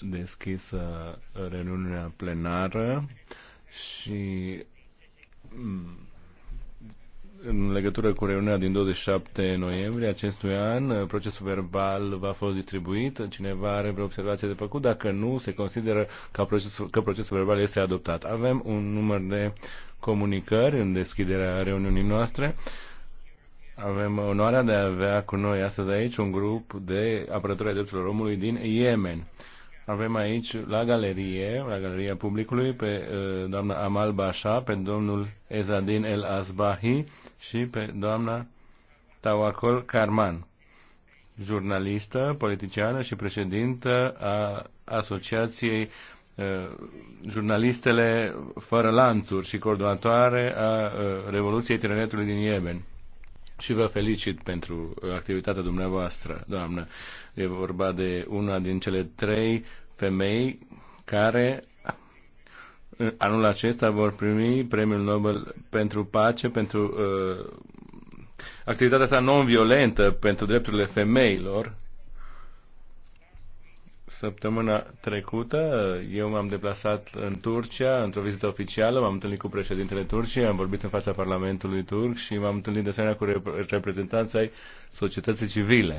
deschisă reuniunea plenară și mm, în legătură cu reuniunea din 27 noiembrie acestui an, procesul verbal va fost distribuit. Cineva are vreo observație de făcut? Dacă nu, se consideră că procesul, că procesul verbal este adoptat. Avem un număr de comunicări în deschiderea reuniunii noastre. Avem onoarea de a avea cu noi astăzi aici un grup de apărători ai drepturilor omului din Yemen. Avem aici la galerie, la galeria publicului, pe uh, doamna Amal Basha, pe domnul Ezadin El Azbahi și pe doamna Tawakol Karman, jurnalistă, politiciană și președintă a Asociației uh, jurnalistele fără lanțuri și coordonatoare a uh, Revoluției Tineretului din Yemen și vă felicit pentru uh, activitatea dumneavoastră, doamnă. E vorba de una din cele trei femei care anul acesta vor primi premiul Nobel pentru pace, pentru uh, activitatea sa non-violentă, pentru drepturile femeilor Săptămâna trecută eu m-am deplasat în Turcia într-o vizită oficială, m-am întâlnit cu președintele Turciei, am vorbit în fața Parlamentului turc și m-am întâlnit de asemenea cu reprezentanții ai societății civile.